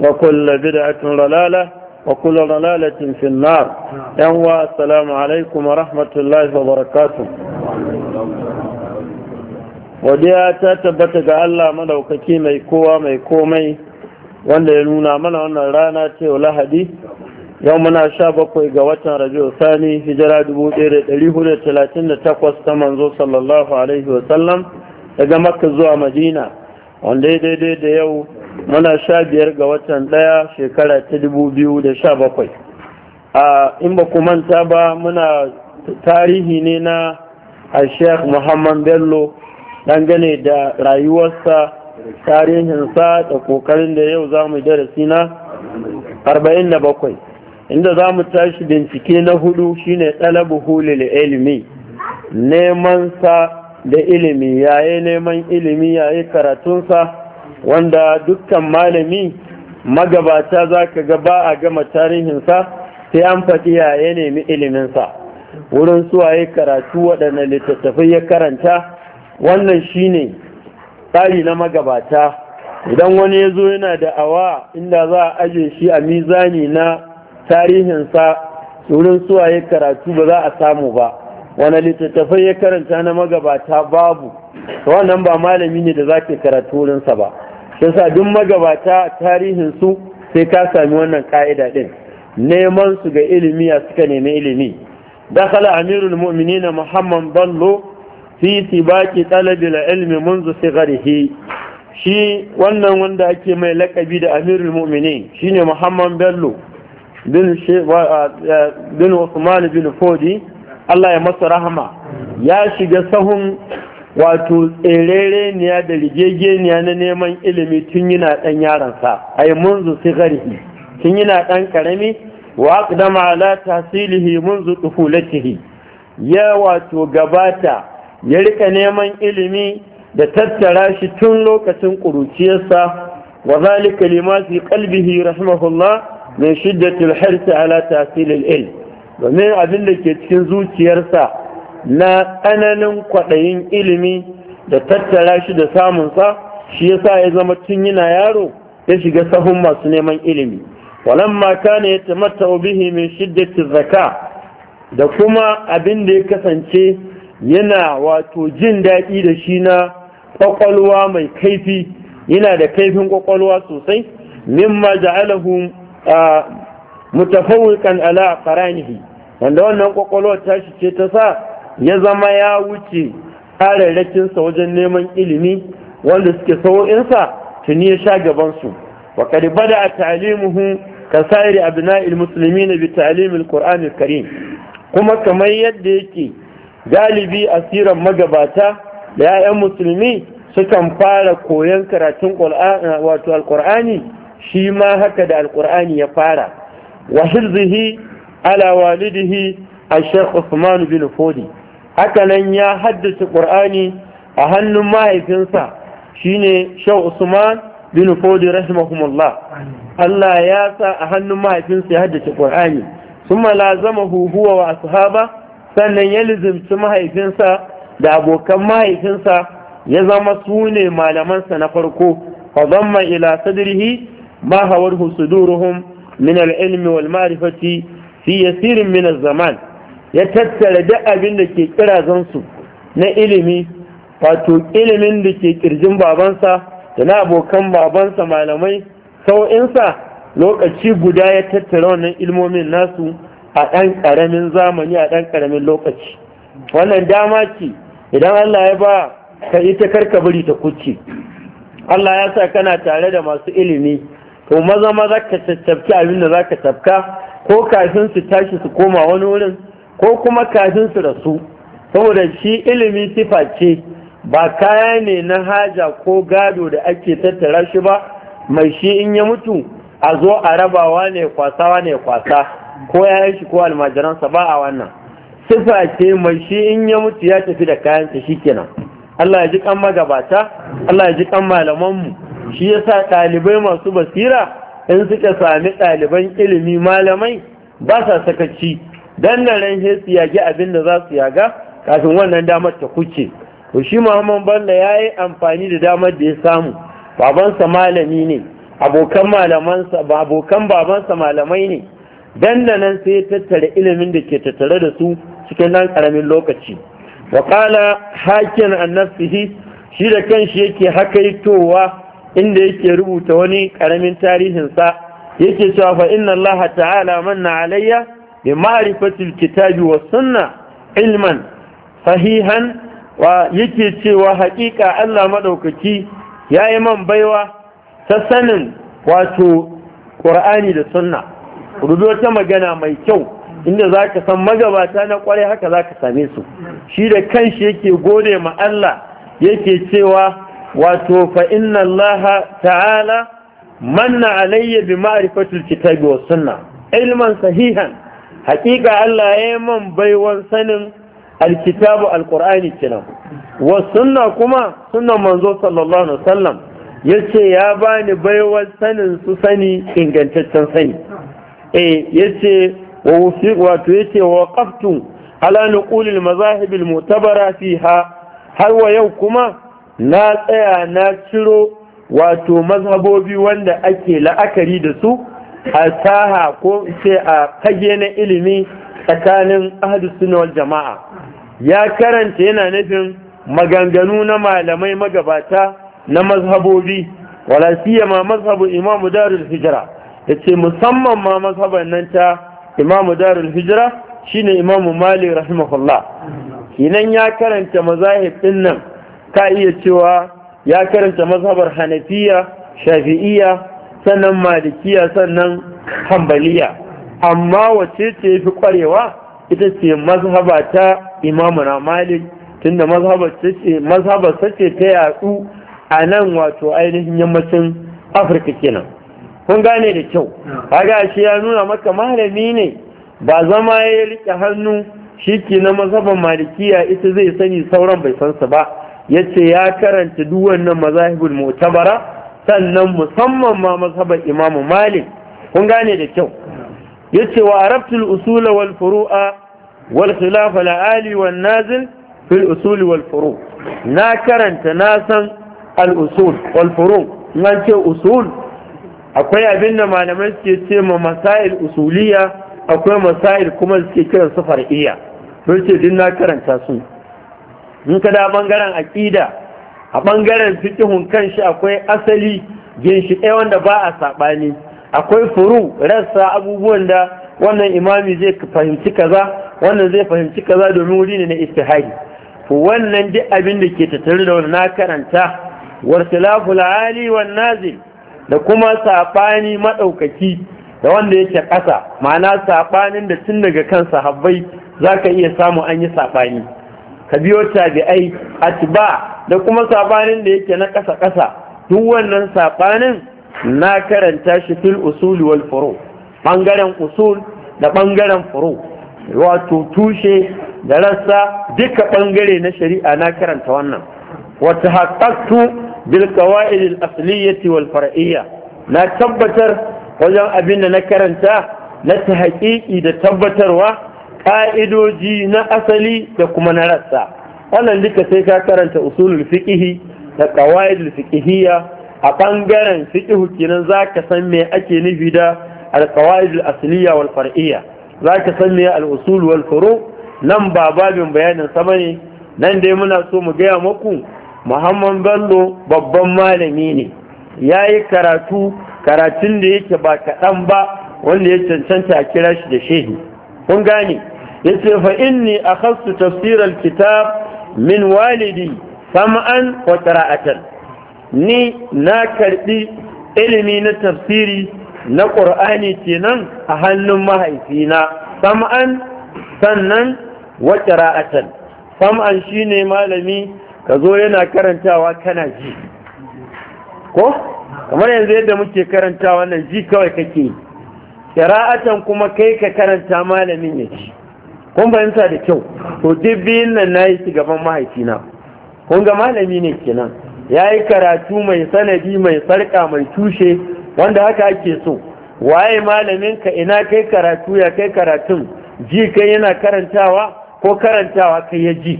وكل بدعة رلالة وكل رلالة في النار ينوى السلام عليكم ورحمة الله وبركاته وديا تتبت الله مدوككي ميكوى ميكومي wanda ya nuna mana wannan rana ce wa lahadi yau muna sha bakwai ga watan rabi'u sani hijira 1438 ta manzo sallallahu alaihi wasallam daga makka zuwa madina wanda ya daidai da yau muna sha biyar ga watan ɗaya shekara ta dubu biyu da sha bakwai a in ba ku manta ba muna tarihi ne na a muhammad bello dangane da rayuwarsa tarihinsa da kokarin da yau za mu darasi na 47 inda za mu tashi bincike na hudu shine ɗalabu hulil ilimi neman sa da ilimi yaye neman ilimi yaye karatunsa wanda dukkan malami magabata za ka ga ba a gama tarihinsa sai an faɗi ya nemi iliminsa wurin suwaye karatu waɗanne littattafai ya karanta wannan shi ne tsari na magabata idan wani ya zo yana da awa inda za a aje shi a mizani na tarihinsa wurin suwaye karatu ba za a samu ba wani littattafai ya karanta na magabata babu wannan ba malami ne da za ke karatu wurinsa ba sa duk magabata tarihin su sai ka sami wannan ka'ida din neman su ga ilimi a suka nemi ilimi dakhala amirul mu'minin muhammad ballo fi sibaki talabil ilmi منذ صغره shi wannan wanda ake mai lakabi da amirul mu'minin shine muhammad bello bin usman bin fodi Allah ya masa rahama ya shiga sahun wato tserere da rigegeniya na neman ilimi tun yana ɗan yaransa ai munzu sigarihi tun yana ɗan ƙarami wa aqdama ala tahsilihi munzu tufulatihi ya wato gabata ya rika neman ilimi da tattara shi tun lokacin ƙuruciyarsa wa zalika lima fi qalbihi rahimahullah min shiddati al ala tahsil al-ilm domin abin da ke cikin zuciyarsa na ƙananan kwaɗayin ilimi da tattara shi da samunsa shi ya sa ya zama tun yana yaro ya shiga sahun masu neman ilimi mata ne ya tamatta bihi mai shiddati zaka da kuma abin da ya kasance yana wato jin daɗi da shi na ƙwaƙwalwa mai kaifi yana da kaifin ƙwaƙwalwa sosai mimma ja'alahu mutafawwiqan ala qaranihi wanda wannan ƙwaƙwalwa tashi ce ta sa ya zama ya wuce sa wajen neman ilimi wanda suke sau'insa tuni ya sha gabansu wa Bada a ta'limuhu ka sa'iri abna'il muslimina bi ta'limil qur'anil karim kuma kamar yadda yake galibi asiran magabata da 'ya'yan musulmi sukan fara koyon karatun wato alkur'ani shi ma haka da alkur'ani ya fara wa hirzihi ala walidihi a sheikh usman bin fodi haka nan ya haddace ƙur'ani a hannun mahaifinsa shine shau usman bin fodi rahimahumullah Allah ya sa a hannun mahaifinsa ya haddace ƙur'ani sun malazama huhuwa wa ashaba sannan ya lizimci mahaifinsa da abokan mahaifinsa ya zama su ne malamansa na farko fa zamma ila sadrihi ma hawar husuduruhum min al-ilmi wal ma'rifati fi yasirin min az-zaman ya tattara duk abin da ke kirazansu na ilimi wato ilimin da ke kirjin babansa da na abokan babansa malamai sau'insa lokaci guda ya tattara wannan ilmomin nasu a ɗan ƙaramin zamani a ɗan ƙaramin lokaci wannan dama ce idan Allah ya ba ka ita karka bari ta kuce Allah ya sa kana tare da masu ilimi to maza maza ka tattafki abin da za ka tafka ko kafin su tashi su koma wani wurin ko kuma kafin su rasu saboda shi ilimi sifa ce ba kaya ne na haja ko gado da ake tattara shi ba mai shi in ya mutu a zo a rabawa ne kwasawa ne kwasa ko ya shi ko almajiransa ba a wannan sifa ce mai shi in ya mutu ya tafi da kayansa shikenan Allah ya ji kan magabata Allah ya ji kan malamanmu shi yasa ɗalibai masu basira in suka sami ɗaliban ilimi malamai ba sa sakaci dandaren he su yage abin da za su yaga kafin wannan damar ta kuce to shi muhammad bello ya yi amfani da damar da ya samu babansa malami ne abokan malamansa ba abokan babansa malamai ne dandanan sai ya tattara ilimin da ke tattare da su cikin nan karamin lokaci wa ƙala hakin annafsihi shi da kanshi yake hakaitowa inda yake rubuta wani ƙaramin tarihinsa yake cewa fa inna allaha ta'ala manna alayya bi ma'rifatil kitabi was sunna ilman sahihan wa yake cewa haƙiƙa Allah madaukaki yayi man baiwa ta sanin wato ƙur'ani da sunna rubuto ta magana mai kyau inda zaka san magabata na kwarai haka zaka same su shi da kanshi yake gode ma Allah yake cewa wato fa inna Allah ta'ala manna alayya bi kitabi was sunna ilman sahihan hakika Allah ya yi man baiwan sanin alkitabu alkur'ani kenan wa sunna kuma sunna manzo sallallahu alaihi wasallam yace ya bani baiwan sanin su sani ingantaccen sani eh yace wa wufiq wato yace wa qaftu ala nuqul almazahib almu'tabara fiha har wa yau kuma na tsaya na ciro wato mazhabobi wanda ake la'akari da su a saha ko ce a fage na ilimi tsakanin ahadu jama'a ya karanta yana nufin maganganu na malamai magabata na mazhabobi wala siyama mazhabu imamu darul ya ce musamman ma mazhaban nan ta imamu darul hijra shine imamu malik rahimahullah kinan ya karanta mazahib din nan ka iya cewa ya karanta mazhabar hanafiya shafi'iyya sannan malikiya sannan hambaliya amma wace ce fi kwarewa ita ce mazhaba ta imamu na malik tunda ta ce ta yatsu a nan wato ainihin yammacin afirka kenan kun gane da kyau kaga shi ya nuna maka malami ne ba zama ya rike hannu shi ke na mazhabar malikiya ita zai sani sauran bai sansa ba ya ce ya karanta duk wannan mazahibul mutabara sannan musamman ma mazhabar imamu malik kun gane da kyau ce wa arabtul usula wal furu'a wal khilaf al ali wan nazil fil usul wal furu na karanta na san al usul wal furu ce usul akwai abin da malamai suke ce ma masail usuliya akwai masail kuma suke kiran su far'iyya to ce din na karanta su in ka da bangaren aqida a ɓangaren fikihun kanshi akwai asali ginshiƙe wanda ba a saɓani akwai furu rassa abubuwan da wannan imami zai fahimci kaza wannan zai fahimci kaza domin wuri ne na istihari wannan duk abin da ke tattare da wani na karanta wartilaful ali wan nazil da kuma saɓani maɗaukaki da wanda yake ƙasa ma'ana saɓanin da tun daga kan sahabbai za ka iya samu an yi saɓani ka biyo tabi'ai atba da kuma sabanin da yake na ƙasa ƙasa duk wannan sabanin na karanta shi fil usuli wal furu ɓangaren usul da ɓangaren furu wato tushe da rassa duka ɓangare na shari'a na karanta wannan wata haƙaƙtu bil qawaid al asliyyati wal far'iyya na tabbatar wajen abin da na karanta na tahqiqi da tabbatarwa ka'idoji na asali da kuma na rassa wannan duka sai ka karanta usulul fiqhi da qawaidul fiqhiyya a bangaren fiqhu kenan zaka san me ake nufi da al al asliya wal far'iyya zaka san me al usul wal furu nan ba babin bayanin sa bane nan dai muna so mu gaya muku Muhammad Bello babban malami ne yayi karatu karatun da yake ba kaɗan ba wanda ya cancanta a kira shi da shehi kun gane yace fa inni a tafsir al-kitab min walidi sam'an wa qira'atan ni na karbi ilimi na tafsiri na qur'ani kenan a hannun mahaifina sam'an sannan wa qira'atan sam'an shine malami ka zo yana karantawa kana ji ko kamar yanzu yadda muke karantawa nan ji kawai kake qira'atan kuma kai ka karanta malamin ya ji. kun fahimta da kyau to duk biyun nan na yi gaban mahaifina kun ga malami ne kenan ya yi karatu mai sanadi mai sarka mai tushe wanda haka ake so waye malamin ka ina kai karatu ya kai karatun ji kai yana karantawa ko karantawa kai ya ji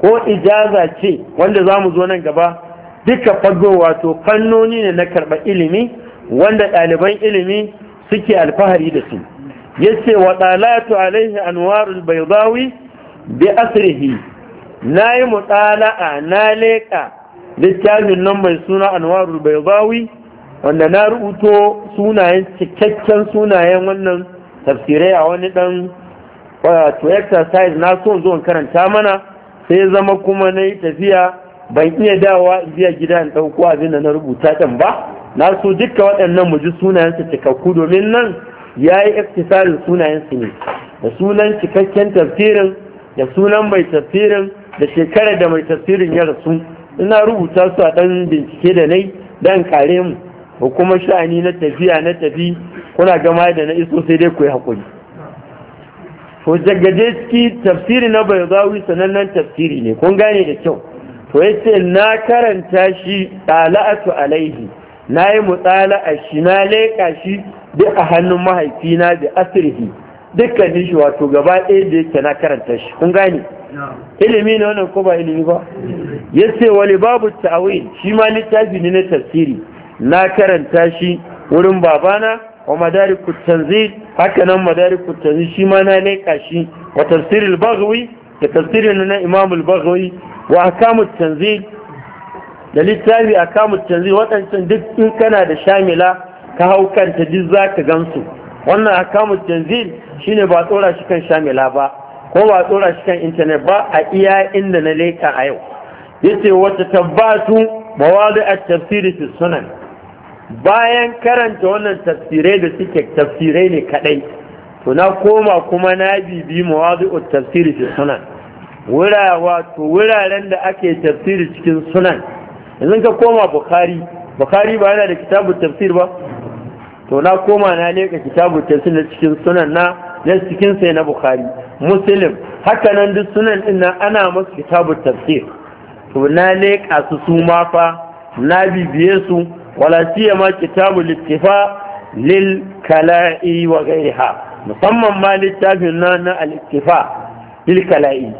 ko ijaza ce wanda za mu zo nan gaba duka fago wato fannoni ne na karɓar ilimi wanda ɗaliban ilimi suke alfahari da su yace wa dalatu alaihi anwarul baydawi bi asrihi nayi mutala'a na leka littafin nan mai suna anwarul baydawi wanda na rubuto sunayen cikakken sunayen wannan tafsirai a wani dan wato uh, exercise na son zuwan karanta mana sai zama kuma na yi tafiya ban iya dawa biya gida in ɗauko abin da na rubuta dan ba na so dukka waɗannan mu ji sunayensu cikakku domin nan ya yi iktisarin sunayensu ne da sunan cikakken tafsirin da sunan mai tafsirin da shekarar da mai tafsirin ya rasu ina rubuta su a ɗan bincike da nai dan kare mu ko kuma sha'ani na tafiya na tafi kuna gama da na iso sai dai ku yi hakuri. to jagajeski tafsiri na bayzawi sanannen tafsiri ne kun gane da kyau to yace na karanta shi ala'atu alaihi na yi mutsala a shi na leƙa shi duk a hannun mahaifina da asirhi dukkanin shi wato gaba ɗaya da yake na karanta shi kun gane ilimi ne wannan ko ba ilimi ba ya ce wali babu ta'awil shi ma littafi ne na tafsiri na karanta shi wurin babana wa madarikut tanzil haka nan madarikut tanzil shi ma na leƙa shi wa tafsiril baghawi da tafsirin na imamul baghawi wa ahkamut tanzil da littafi a kamun canzi waɗancan duk in kana da shamila ka hau kanta duk za ka gansu wannan a kamun canzi shine ba tsora shi kan shamila ba ko ba tsora shi kan intanet ba a iya inda na leka a yau yace wata tabbatu mawadu a tafsiri su sunan bayan karanta wannan tafsirai da suke tafsirai ne kadai to na koma kuma na bibi mawadu a tafsiri su sunan wuraren da ake tafsiri cikin sunan yanzu ka koma bukhari bukhari ba yana da kitabun tafsir ba to na koma na leka kitabun tafsir na cikin sunan na na cikin sai na bukhari muslim haka nan duk sunan din ana masu kitabun tafsir to na leka su su ma fa na bibiye su wala ma kitabun littafa lil kala'i wa ghayriha musamman ma littafin na na al-ittifa lil kala'i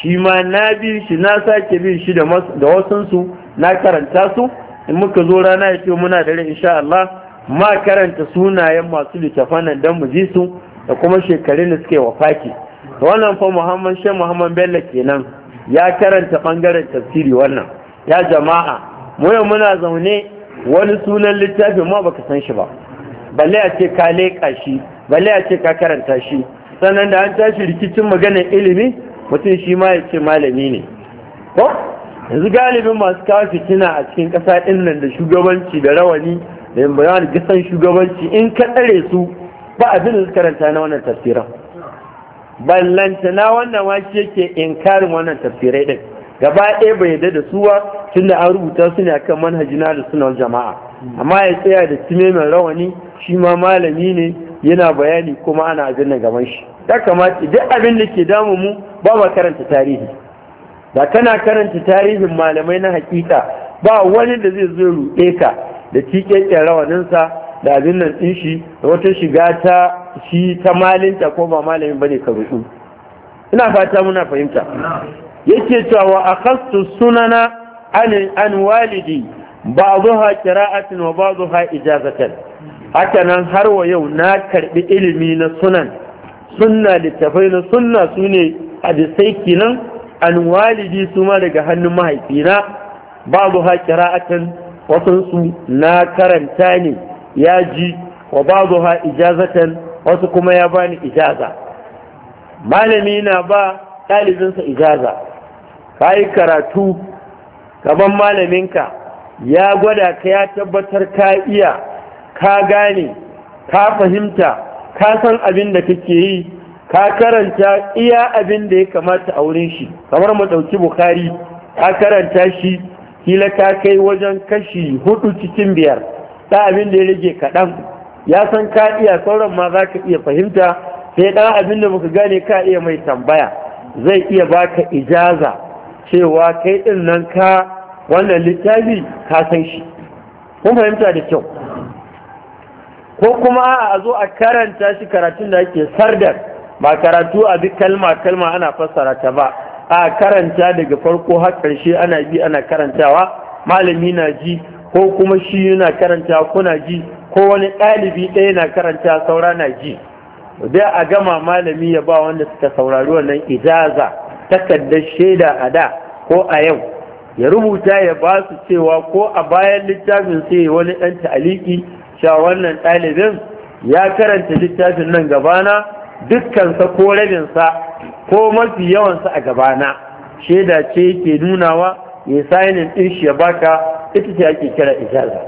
shi ma na bi shi na sake bin shi da wasansu na karanta su in muka zo rana ya ce muna dare sha Allah ma karanta sunayen masu littafan nan don mu ji su da kuma shekarun da suke wafaki wannan fa Muhammad Sheikh Muhammad Bello kenan ya karanta bangaren tafsiri wannan ya jama'a mu yau muna zaune wani sunan littafin ma baka san shi ba balle a ce ka leƙa shi balle a ce ka karanta shi sannan da an tashi rikicin maganar ilimi mutum shi ma ya ce malami ne ko yanzu galibin masu kawo fitina a cikin ƙasa ɗin nan da shugabanci da rawani da yin bayan gisan shugabanci in ka tsare su ba abin da karanta na wannan tafsiran ballanta na wannan waki yake inkarin wannan tafsirai ɗin gaba ɗaya bai yarda da su ba da an rubuta su ne akan manhaji na da sunan jama'a amma ya tsaya da tume mai rawani shi ma malami ne yana bayani kuma ana abin da gaban shi ya kamata idan abin da ke damu mu ba ma karanta tarihi da kana karanta tarihin malamai na hakika ba wani da zai zo ruɗe ka da cikakken rawaninsa da abin nan shi da wata shiga ta shi ta malinta ko ba malamin bane ka ruɗu ina fata muna fahimta yake cewa wa akhastu sunana an an walidi ba'dha qira'atin wa ba'dha ijazatan haka nan har wa yau na karbi ilimi na sunan sunna littafai na sunna sune hadisai kinan an walidi su ma daga hannun mahaifina babu ha kira'atan wasansu na karanta ne ya ji wa babu ha ijazatan wasu kuma ya bani ijaza malami na ba ɗalibinsa ijaza ka yi karatu gaban malaminka ya gwada ka ya tabbatar ka iya ka gane ka fahimta ka san abin da kake yi ka karanta iya abin da ya kamata a wurin shi kamar mu ɗauki bukari ka karanta shi kila ka kai wajen kashi hudu cikin biyar ɗan abin da ya rage kaɗan ya san ka iya sauran ma za ka iya fahimta sai ɗan abin da muka gane ka iya mai tambaya zai iya baka ijaza cewa kai ɗin nan ka wannan littafi ka san shi kun fahimta da kyau ko kuma a zo a karanta shi karatun da ake sardar ba karatu a duk kalma kalma ana fassara ta ba a karanta daga farko har ƙarshe ana bi ana karantawa malami na ji ko kuma shi yana karanta kuna ji ko wani ɗalibi ɗaya yana karanta saura na ji dai a gama malami ya ba wanda suka saurari wannan ijaza takardar shaida a da ko a yau ya rubuta ya ba su cewa ko a bayan littafin sai wani ɗan ta'aliki sha wannan ɗalibin ya karanta littafin nan gabana dukkansa ko rabinsa ko mafi yawansa a gabana shaida ce ke nunawa ya sainin ɗin shi ya baka ita ce ake kira ijaza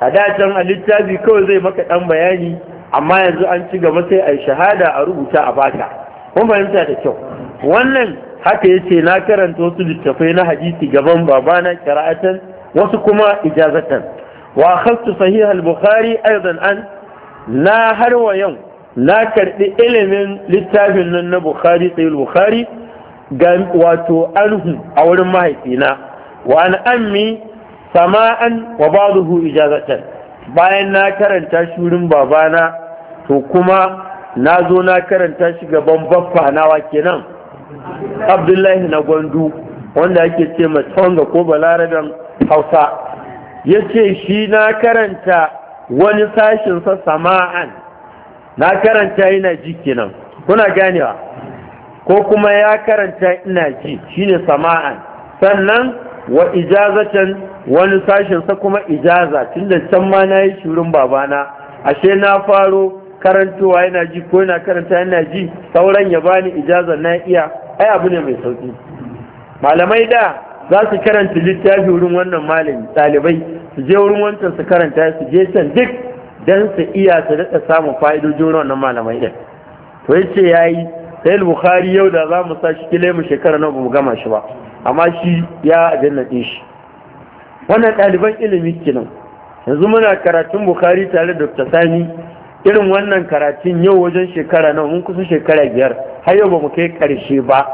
a dacen a littafi kawai zai maka ɗan bayani amma yanzu an ci gaba sai a yi shahada a rubuta a baka kun fahimta da kyau wannan haka ya ce na karanta wasu littafai na hadisi gaban babana kira'atan wasu kuma ijazatan wa khastu sahih al-bukhari aidan an na har wa yau na karɓi ilimin littafin nan na bukhari tsaye bukhari ga wato anhu a wurin mahaifina wa an ammi sama'an wa ba'dahu ijazatan bayan na karanta shi babana to kuma na zo na karanta shi gaban baffa wake nan abdullahi na gwandu wanda ake ce matsonga ko balaraben hausa ya ce shi na karanta wani sashinsa sama'an na karanta yana ji kenan kuna ganewa ko kuma ya karanta ina ji shine sama'an sannan wa ijazatan wani sa kuma ijaza tunda can ma na yi shirin babana ashe na faro karantowa yana ji ko yana karanta yana ji sauran ya bani ijaza na iya ai abu ne mai sauki malamai da za su karanta littafi wurin wannan malami ɗalibai su je wurin wancan su karanta su je can duk don su iya su samun fa'idojin wannan malamai din to yace yayi sai bukhari yau da za mu sa shi kile mu shekara nawa mu gama shi ba amma shi ya ajinna shi wannan ɗaliban ilimi kenan yanzu muna karatun bukhari tare da dr sani irin wannan karatun yau wajen shekara nawa mun kusa shekara biyar har yau ba mu kai ƙarshe ba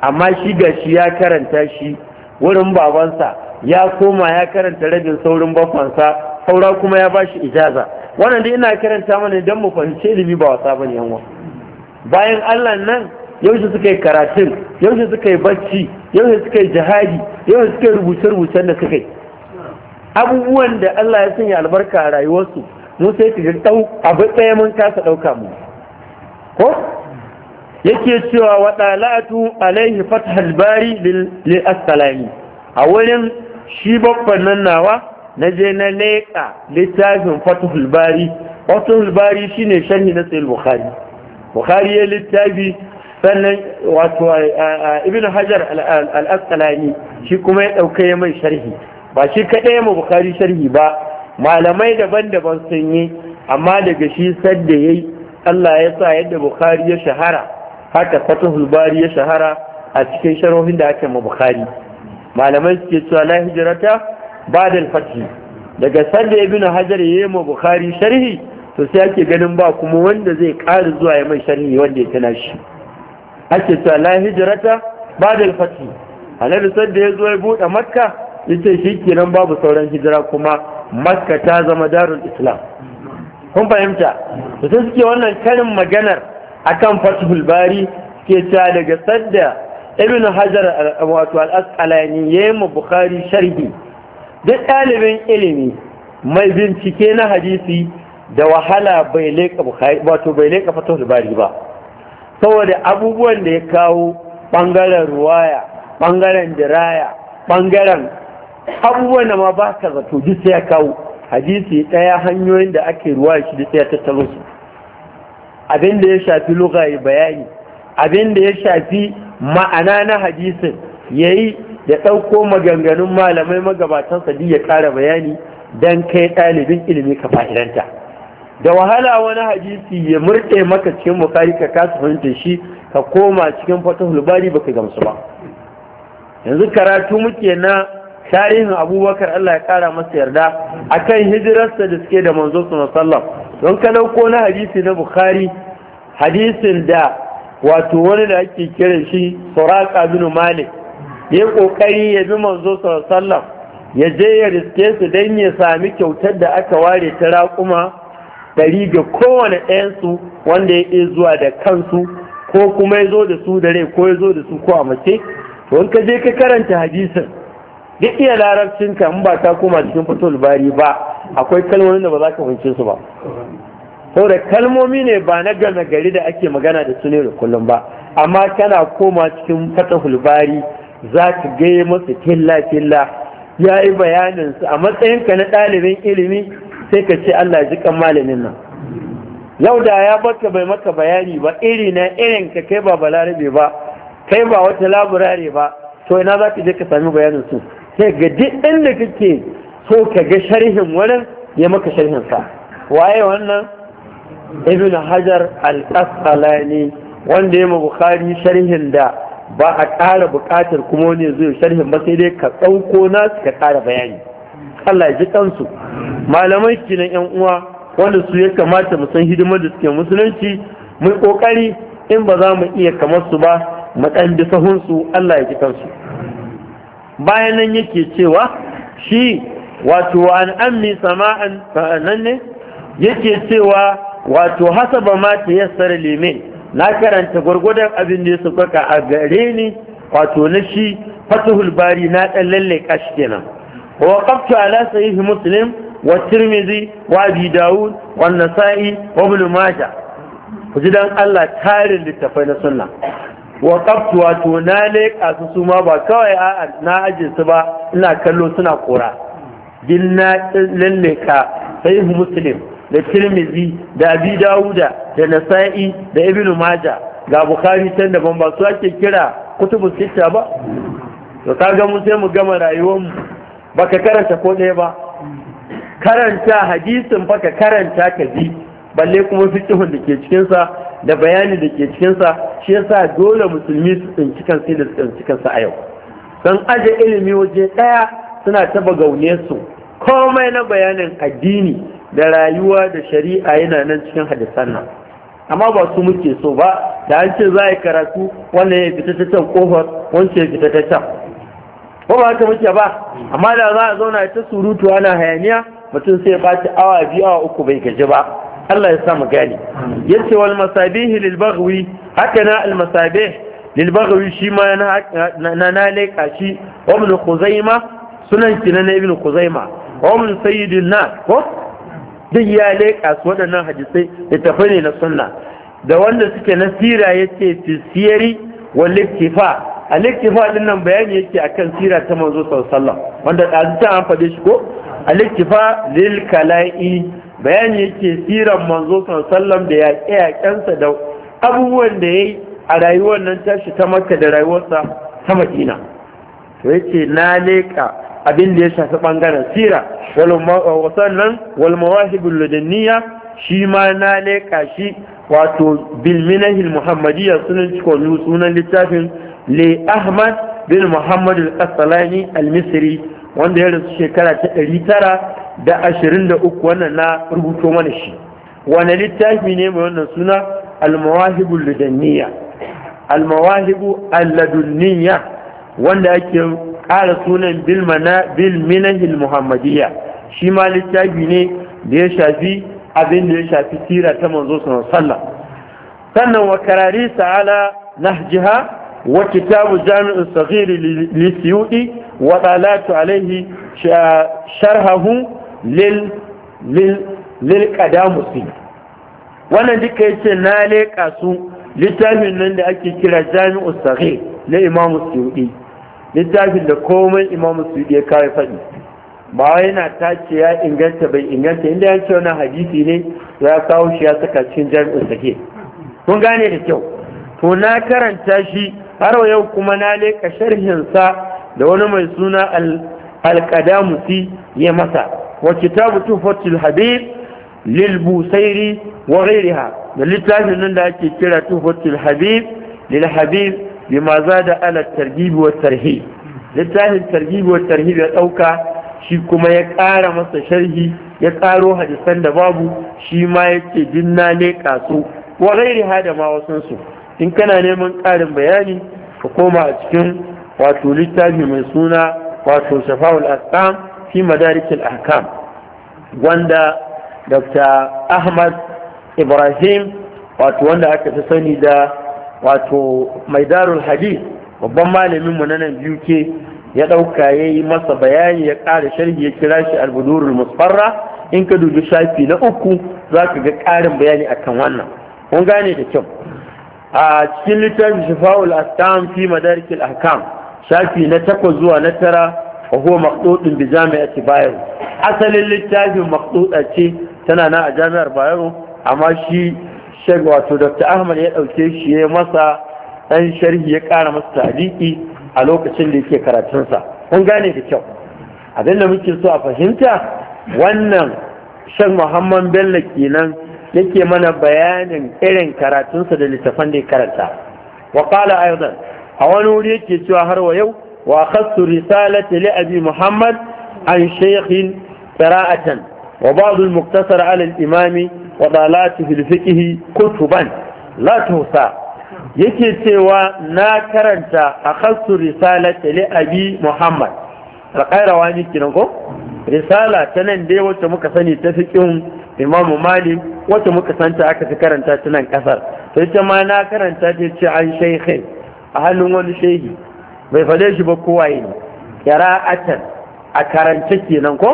amma shi ga shi ya karanta shi wurin babansa ya koma ya karanta rabin saurin bafansa saura kuma ya bashi ijaza wannan dai ina karanta mana dan mu fahimci ilimi ba wasa bane yanwa bayan Allah nan yaushe suka yi karatun yaushe suka yi bacci yaushe suka yi jihadi yaushe suka yi rubuce-rubucen da suka yi abubuwan da Allah ya sanya albarka a rayuwarsu mu sai ka ga abu ɗaya mun kasa ɗauka mu ko yake cewa wa dalatu alaihi fathal bari lil asalami a wurin shi babban nan nawa na je na leƙa littafin fatahul bari fatahul bari shine sharhi na sayil bukhari bukhari ya littafi sannan wato ibn hajar al-asqalani shi kuma ya ɗauka ya mai sharhi ba shi kadai ma bukhari sharhi ba malamai daban-daban sun yi amma daga shi sadda yayi Allah ya sa yadda bukhari ya shahara haka fatahul bari ya shahara a cikin sharhohin da ake ma bukhari malamai suke cewa la hijrata badal fathi daga sanda ibn hajar yayi ma bukhari sharhi to sai ake ganin ba kuma wanda zai ƙara zuwa ya mai sharhi wanda ya tana shi ake cewa la hijrata badal fathi annabi sanda ya zo ya buɗe makka yace shikenan babu sauran hijira kuma makka ta zama darul islam kun fahimta to sai suke wannan karin maganar akan fathul bari ke ta daga sadda ibn hajar wato al-asqalani ma bukhari sharhi duk ɗalibin ilimi mai bincike na hadisi da wahala bai leƙa bukhari wato bai leƙa fatahul bari ba saboda abubuwan da ya kawo ɓangaren ruwaya ɓangaren diraya ɓangaren abubuwan da ma ba ka zato duk ya kawo hadisi ɗaya hanyoyin da ake ruwa shi duk sai ya tattalo su abin da ya shafi lugha bayani abin da ya shafi ma'ana na hadisin ya yi. ya ɗauko maganganun malamai magabatan sadi ya ƙara bayani don kai ɗalibin ilimi ka fahimta da wahala wani hadisi ya murɗe maka cikin bukari ka kasa fahimta shi ka koma cikin fatahul bari baka gamsu ba yanzu karatu muke na tarihin abubakar allah ya ƙara masa yarda akan hijirarsa da suke da manzo Sallam. don ka ɗauko na hadisi na bukari hadisin da wato wani da ake kiran shi suraka bin malik ya kokari ya bi manzo sallallahu ya je ya riske su dan ya sami kyautar da aka ware ta raƙuma ɗari ga kowane ɗayansu wanda ya iya zuwa da kansu ko kuma ya zo da su da rai ko ya zo da su ko a mace to ka je ka karanta hadisin duk iya larabcin ka ba ta koma cikin fatul bari ba akwai kalmomin da ba za ka fahimce su ba saboda kalmomi ne ba na gama gari da ake magana da su ne da kullum ba amma kana koma cikin fatul bari za ka gaya masa filla-filla ya yi bayaninsu a matsayinka na ɗalibin ilimi sai ka ce Allah ji kan malamin nan yau da ya baka bai maka bayani ba iri na irin ka kai ba balarabe ba kai ba wata laburare ba to ina za ka je ka sami bayanin su sai ga duk inda kake so ka ga sharhin wurin ya maka sharhin sa waye wannan ibn hajar al-asqalani wanda ya ma bukhari sharhin da ba a ƙara buƙatar kuma wani ya zo sharhin ba sai dai ka ɗauko su ka ƙara bayani Allah ya ji kansu malamai kinan yan uwa wanda su ya kamata mu san hidimar da suke musulunci mai ƙoƙari, in ba za mu iya kamar su ba mu ɗan bi sahunsu Allah ya ji kansu bayan nan yake cewa shi wato an ammi sama'an nan ne yake cewa wato hasaba ma ta yassara limin na karanta gwargwadon abin da ya sauƙaƙa a gare ni wato na shi fatuhul bari na ɗan lalle kashi kenan wa qabtu ala sahih muslim wa tirmidhi wa abi daud wa nasa'i wa ibn majah kuji Allah tarin littafai na sunna wa qabtu wato na leƙa su su ma ba kawai a na aje su ba ina kallo suna kora din na lalle ka sahih muslim da tirmizi da abi dawuda da nasa'i da ibn maja ga bukhari san daban ba su ake kira kutubu sitta ba to kaga mu sai mu gama rayuwar mu baka karanta ko ɗaya ba karanta hadisin baka karanta ka ji balle kuma fitihun da ke cikin sa da bayani da ke cikin sa shi yasa dole musulmi su tsinci kansu da tsinci kansu a yau san aje ilimi waje ɗaya suna taba gaune su komai na bayanin addini da rayuwa da shari'a yana nan cikin hadisan nan amma ba su muke so ba da an ce za a yi karatu wannan ya fita ta can kofar wancan ya fita ta can ko ba haka muke ba amma da za a zauna ta surutu ana hayaniya mutum sai ba ta awa biyu awa uku bai gaji ba Allah ya sa mu gane yace wal masabihi lil baghwi haka na al masabih lil baghwi shi ma na na leka shi wa ibn khuzaima sunan kinan ibn khuzaima wa min sayyidin nas ko duk ya leƙa su waɗannan hadisai da tafi ne na sunna da wanda suke na sira ya ce fi wa liktifa a liktifa din nan bayani yake akan sira ta manzo sallam wanda ɗazu ta an faɗe shi ko a liktifa lil kala'i bayani yake siran manzo sallam da yaƙe-yaƙensa da abubuwan da ya yi a rayuwar nan tashi ta maka da rayuwarsa ta madina to yace na leƙa abin da ya shafi bangaren sira sannan wal mawahibul shi ma na leka shi wato bilminahil muhammadiyya sunan cikonu sunan littafin le ahmad bin muhammad al-qasalani al-misri wanda ya rasu shekara ta ɗari tara da ashirin da uku wannan na rubuto mana shi wani littafi ne mai wannan suna almawahibu ludaniya almawahibu alladunniya wanda ake ƙara sunan bilminahil muhammadiyya shi ma littafi ne da ya shafi abin da ya shafi tira ta manzo sallah sannan wa karari sa'ala nahjiha wa kitabu jami'in saghiri lisiyudi wa dalatu alaihi sharhahu lil lil wannan duka yace na leƙa su littafin nan da ake kira jami'u saghir na imamu suyudi littafin da komai imam suyuti ya kawai faɗi ba yana tace ya inganta bai inganta inda ya ce wani hadisi ne ya kawo shi ya saka cikin jami'in sake kun gane da kyau to na karanta shi har yau kuma na leƙa sharhinsa da wani mai suna alƙadamusi ya masa wa kitabu tufatul habib lil busairi wa ghairiha da littafin nan da ake kira tufatul habib lil habib bima da ala targibi wa tarhi? littafin targibi wa tarhi ya ɗauka shi kuma ya ƙara masa sharhi ya ƙaro hadisan da babu shi ma yace dinna ne kaso wa ghairi da ma wasun su in kana neman ƙarin bayani ka koma a cikin wato littafi mai suna wato shafa'ul asqam fi madarikil ahkam wanda dr ahmad ibrahim wato wanda aka fi sani da wato mai darul hadith babban malamin mu na nan biyu UK ya dauka yayi masa bayani ya ƙara sharhi ya kira shi al-budurul musfarra in ka dubi shafi na uku zaka ga ƙarin bayani akan wannan kun gane da kyau a cikin littafin shifa'ul ahkam fi madarikil ahkam shafi na takwas zuwa na tara wa huwa maqdudun bi jami'ati asalin littafin maqduda ce tana na a jami'ar bayero amma shi shek wato dr ahmad ya ɗauke shi ya masa ɗan sharhi ya ƙara masa taliki a lokacin da yake karatunsa kun gane da kyau abin da muke so a fahimta wannan shek muhammad bello kenan yake mana bayanin irin karatunsa da littafan da ya karanta wa qala aidan a wani wuri yake cewa har wa yau wa khassu risalati li abi muhammad an shaykhin qira'atan wa ba'd al-muktasar ala al-imami wadalati fil fiqhi kutuban la yake cewa na karanta a akhadtu Risala li abi muhammad alqairawani kinan ko risala ta nan dai wacce muka sani ta fiqhin imamu malik wacce muka santa aka fi karanta ta nan kasar to ita ma na karanta ta ce an shaykhin a hannun wani shehi bai fade shi ba kowaye ne kira'atan a karance kenan ko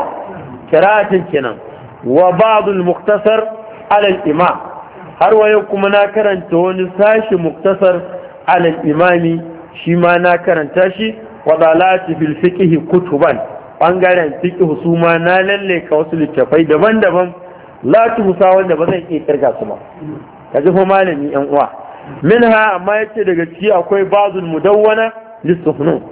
kira'atan kenan wa ba'dul muktasar alal imam har wayo kuma na karanta wani sashi muktasar alal imami shi ma na karanta shi wa dalati fil fiqhi kutuban bangaren fiqh su ma na lalle ka wasu littafai daban-daban la musa wanda ba zan iya kirga su ba ka ji malami yan uwa minha amma yace daga ciki akwai bazul mudawwana lisufnu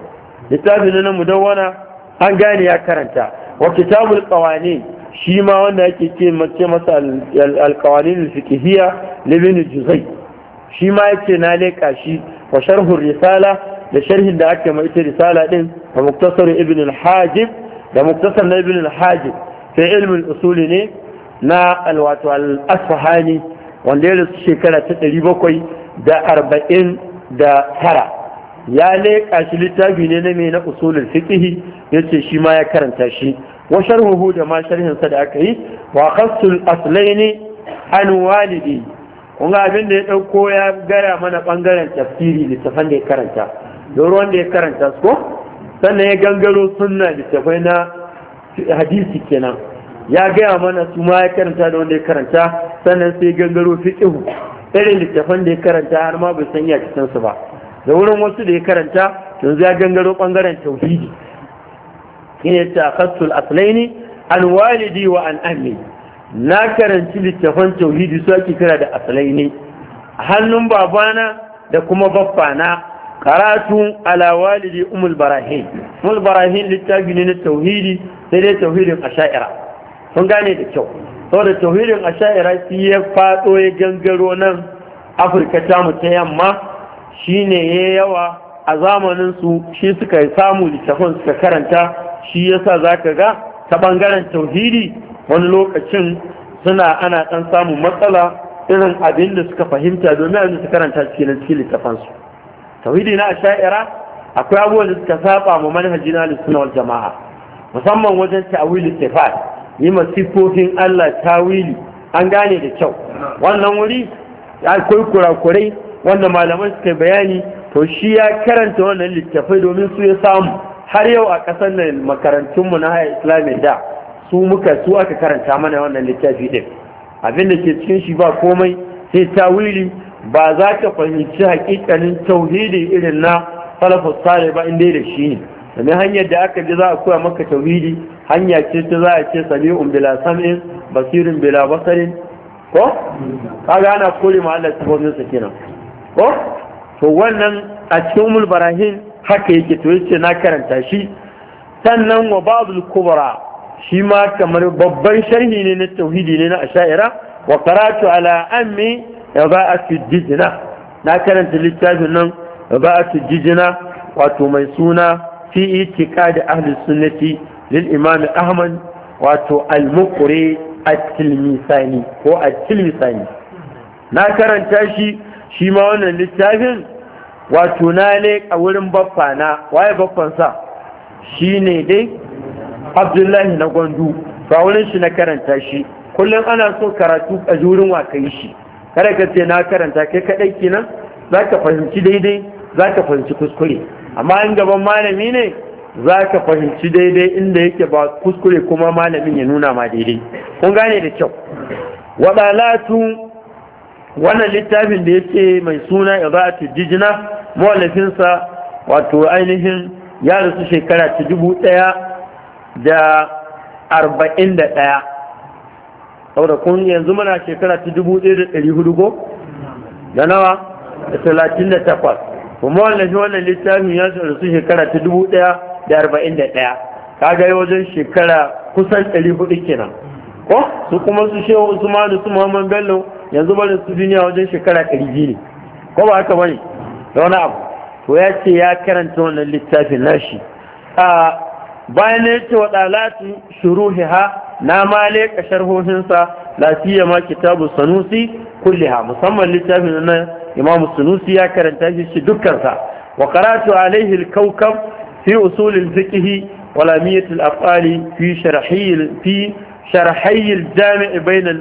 littafin na mudawwana an gane ya karanta wa kitabul qawani shi ma wanda yake ke mace masa alkawanin fiqhiyya libin juzai shi ma yake na leƙa shi wa sharhun risala da sharhin da ake mai ita risala din da muktasar ibn al-hajib da muktasar na ibn al-hajib sai ilmin usuli ne na alwato al-asfahani wanda ya rasu shekara ta ɗari bakwai da arba'in da tara ya leƙa shi littafi ne na mai na usulul Ya yace shi ma ya karanta shi wa sharhuhu da ma sharhin sa da aka yi wa khassul aslaini an walidi kun ga abin da ya dauko ya gara mana bangaren tafsiri littafan da ya karanta don wanda ya karanta su ko sannan ya gangaro sunna littafai na hadisi kenan ya gaya mana su ma ya karanta da wanda ya karanta sannan sai gangaro fiqhu irin littafan da ya karanta har ma bai san ya cikin su ba da wurin wasu da ya karanta yanzu ya gangaro bangaren tauhidi shine ta akhadtu aslaini an walidi wa an ammi na karanci littafan tauhidi su ake kira da aslaini hannun babana da kuma na karatu ala walidi umul barahin umul barahin littafi ne na tauhidi sai dai tauhidin asha'ira sun gane da kyau saboda tauhidin asha'ira shi ya fado ya gangaro nan afirka ta mu ta yamma shine ya yawa a zamanin su shi suka samu littafin suka karanta shi yasa zaka ga ta bangaren tauhidi wani lokacin suna ana ɗan samun matsala irin abin da suka fahimta domin abin da su karanta cikin cikin littafansu tauhidi na asha'ira akwai abubuwan da suka saba wa manhaji na sunna wal jama'a musamman wajen ta'wili sifat yi ma sifofin Allah tawili an gane da kyau wannan wuri akwai kurakurai wanda malaman suka bayani to shi ya karanta wannan littafai domin su ya samu har yau a ƙasar nan makarantunmu na haya islami da su muka su aka karanta mana wannan littafi din abin da ke cikin shi ba komai sai tawili ba za ka fahimci hakikanin tauhidi irin na salafu sare ba inda da shi ne domin hanyar da aka ji za a koya maka tauhidi hanya ce ta za a ce sami'un bila sam'in basirin bila basarin ko kaga ana kore ma Allah sa kenan ko to wannan a cikin mulbarahin haka yake to yace na karanta shi sannan wa babul kubra shi ma kamar babban sharhi ne na tauhidi ne na asha'ira wa qara'tu ala ammi yaba'at dijna na karanta littafin nan yaba'at dijna wato mai suna fi itiqad ahli sunnati lil imam ahmad wato al-muqri at-tilmisani ko at-tilmisani na karanta shi shi ma wannan littafin wato na a wurin baffa na waye baffansa shi ne dai abdullahi na gwandu ba wurin shi na karanta shi kullum ana so karatu a jurin wa ka yi shi kada ka ce na karanta kai kaɗai kenan za ka fahimci daidai za ka fahimci kuskure amma in gaban malami ne za ka fahimci daidai inda yake ba kuskure kuma malamin ya nuna ma daidai kun gane da kyau waɗalatu wannan littafin da yake mai suna ibatu jijina mawallafinsa wato ainihin ya rasu shekara ta dubu ɗaya da arba'in da ɗaya saboda kun yanzu muna shekara ta dubu ɗaya da ɗari hudu ko da nawa da talatin da takwas kuma wallafin wannan littafin ya rasu shekara ta dubu ɗaya da arba'in da ɗaya kaga yi wajen shekara kusan ɗari hudu kenan ko su kuma su shehu usmanu su muhammad bello yanzu barin su duniya wajen shekara ɗari biyu ne ko ba haka bane da wani abu to ya ce ya karanta wannan littafin nashi a bayan ya ce wa ɗalatu shuruhiha na male ka sharhohinsa lafiya ma kitabu sanusi kulliha musamman littafin na imam sanusi ya karanta shi dukkansa wa karatu alaihi al fi usul al wa lamiyat al-af'ali fi sharhi fi sharhi al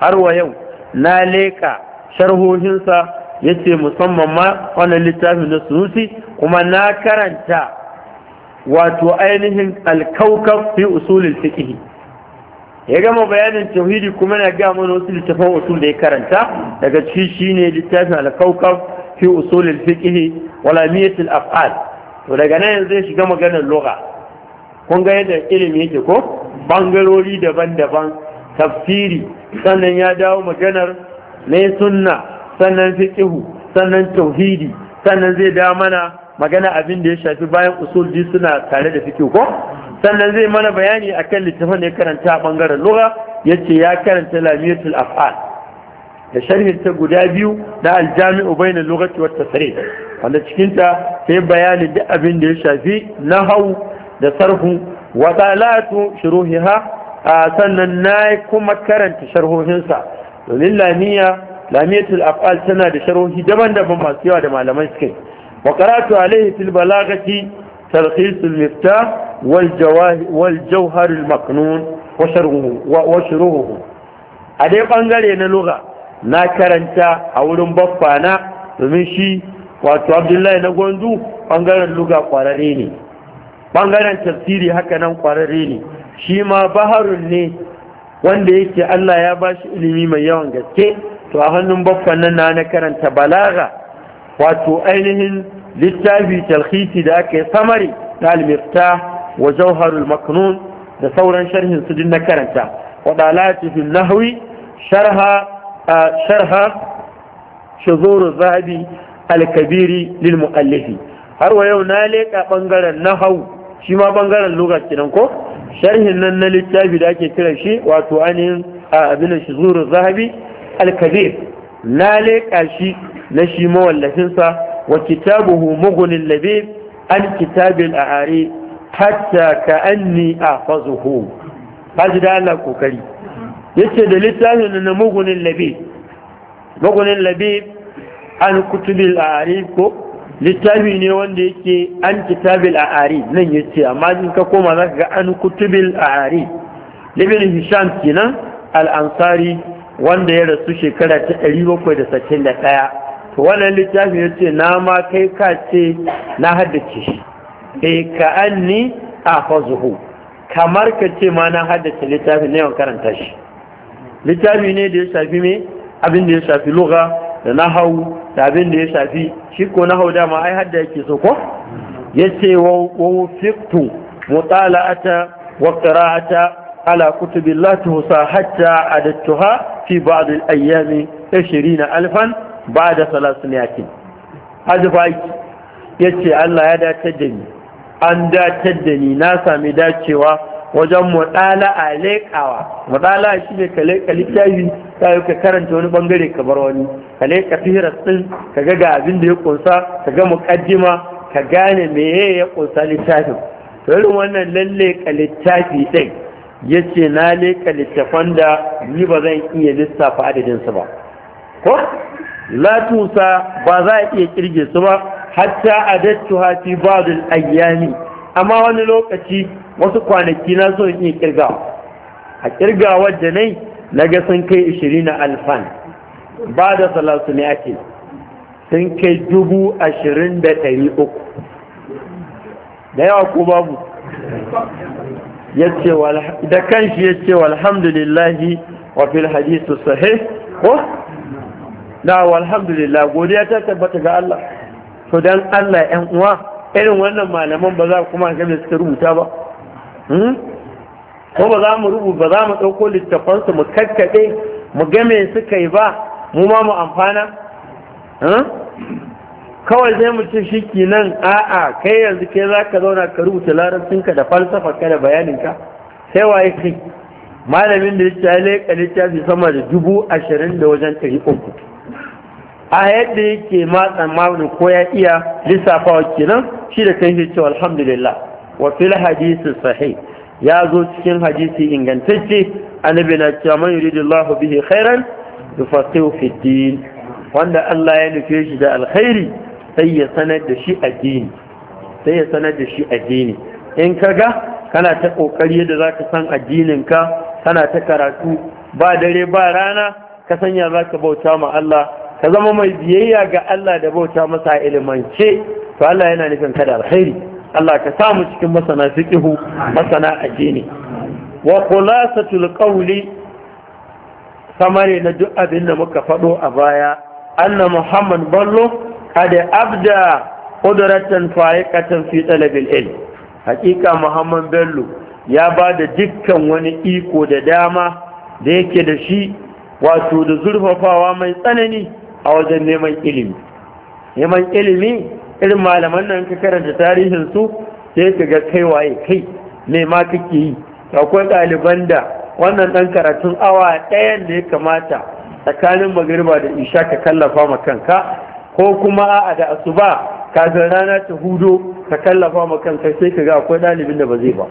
har wa yau na leka sharhohinsa ya ce musamman ma wannan littafin na sunusi kuma na karanta wato ainihin alkaukar fi usulin fiƙihi. ya gama bayanin tauhidi kuma na gaya mana wasu littafan usul da ya karanta daga ciki shine littafin alkaukar fi usulin fiƙihi wala miyatul af'al to daga nan yanzu ya shiga maganar lugha kun ga yadda ilimi yake ko bangarori daban-daban tafsiri sannan ya dawo maganar ne sunna sannan fiqhu sannan tauhidi sannan zai dawo mana magana abin da ya shafi bayan usul ji suna tare da fiqhu ko sannan zai mana bayani akan littafin da ya karanta bangaren lugha yace ya karanta lamiyatul af'al da sharhin ta guda biyu na aljami'u bainal lughati wat tasrif wanda cikin ta sai bayani duk abin da ya shafi hau da sarhu wa talatu shuruhiha A sannan na kuma karanta sharhohinsa domin lamiya lamiyatul af'al tana da sharhohi daban-daban masu yawa da malaman suke wa qara'tu alayhi fil balagati maknun wa sharhuhu wa وشره A dai bangare na lugha na karanta a wurin baffana domin shi wato abdullahi na gwandu bangaren lugha kwararre ne bangaren tafsiri haka nan kwararre ne shi ma baharun ne wanda yake Allah ya ba shi ilimi mai yawan gaske to a hannun baffan nan na na karanta balaga wato ainihin littafi talhisi da aka yi samari na almifta wa zauharul maknun da sauran sharhin su na karanta wadalati fil nahwi sharha sharha shuzuru zabi alkabiri lil muallifi har wa yau na leƙa ɓangaren hau shi ma ɓangaren lugha kenan ko sharhin nan na littafi da ake kiran shi wato ainihin abin shi zurun zahabi alkabir na leƙa shi na shi mawallafinsa wa kitabuhu mugunin labib an kitabin a are hatta ka anni a fazuhu haji da Allah kokari yace da littafin na mugunin labib mugunin labib an kutubil a are ko littafi ne wanda yake an kitabil ari nan ya ce, amma in ka koma zaka ga an kutubil a'ari ibn hisham kenan al-ansari wanda ya rasu shekara ta 761 to wannan littafi ce na ma kai ka ce na haddace shi E ka an ni a fazuhu kamar ka ce ma na haddace littafi na yawan karanta shi littafi ne da ya shafi me abin da ya shafi lugha da nahawu da abin da ya shafi shi ko na hau dama ai hadda yake so ko ya ce wa fiktu mutala'ata wa qira'ata ala kutubillah tusa hatta adattuha fi ba'd al-ayyami alfan ba'da 300 azfai yace Allah ya dace da ni an dace da ni na sami dacewa wajen a leƙawa mutala'a shi ne ka leƙa littafi ta yi ka karanta wani bangare ka bar wani ka leƙa firas ɗin ka ga abin da ya ƙunsa ka ga muƙaddima ka gane me ya ƙunsa littafin to irin wannan lalle ka littafi ɗin ya ce na leƙa littafan da ni ba zan iya lissafa adadin su ba ko latusa ba za a iya kirge su ba hatta adattu hafi ba'dul ayyami amma wani lokaci wasu kwanaki na so in kirga a kirgawar da na ga sun kai 20 alfan ba da salatu ne ake sun kai dubu ashirin da ɗari uku da yawa ko babu da kanshi ya ce walhamdulillahi wa fil hadisu sahih ko na walhamdulillah godiya ta tabbata ga Allah to don Allah 'yan uwa irin wannan malaman ba za kuma ga suka rubuta ba Hmm? ko ba za mu rubu ba za mu ɗauko littafansu mu kakkaɗe mu game suka yi ba mu ma mu amfana hmm? kawai zai mu ci shi nan a'a kai yanzu kai za ka zauna ka rubuta larabcinka da falsafa ka da bayaninka sai waye kai malamin da ya leƙa littafi sama da dubu ashirin da wajen ɗari uku a yadda yake matsa mawuni ko ya iya lissafawa kenan shi da kai shi cewa alhamdulillah wa fil hadisi sahi ya zo cikin hadisi ingantacce annabi na cewa man bihi khairan yufaqihu fi din wanda Allah ya nufe shi da alkhairi sai ya sanar da shi addini sai ya sanar da shi addini in kaga kana ta kokari yadda zaka san addinin ka kana ta karatu ba dare ba rana ka sanya zaka bauta ma Allah ka zama mai biyayya ga Allah da bauta masa ilimance to Allah yana nufin ka da alkhairi Allah ka samu cikin masana fiqihu masana addini wa khulasatul qawli samare na duk abin da muka faɗo a baya anna muhammad ballo kada abda qudratan fa'iqatan fi talabil ilm hakika muhammad bello ya ba da dukkan wani iko da dama da yake da shi wato da zurfafawa mai tsanani a wajen neman ilimi neman ilimi irin malaman nan ka karanta tarihin su sai ka ga kai waye kai me ma kake yi akwai ɗaliban da wannan ɗan karatun awa ɗayan da ya kamata tsakanin magariba da isha ka kallafa ma kanka ko kuma a da asuba kafin rana ta hudo ka kallafa ma kanka sai ka ga akwai ɗalibin da ba zai ba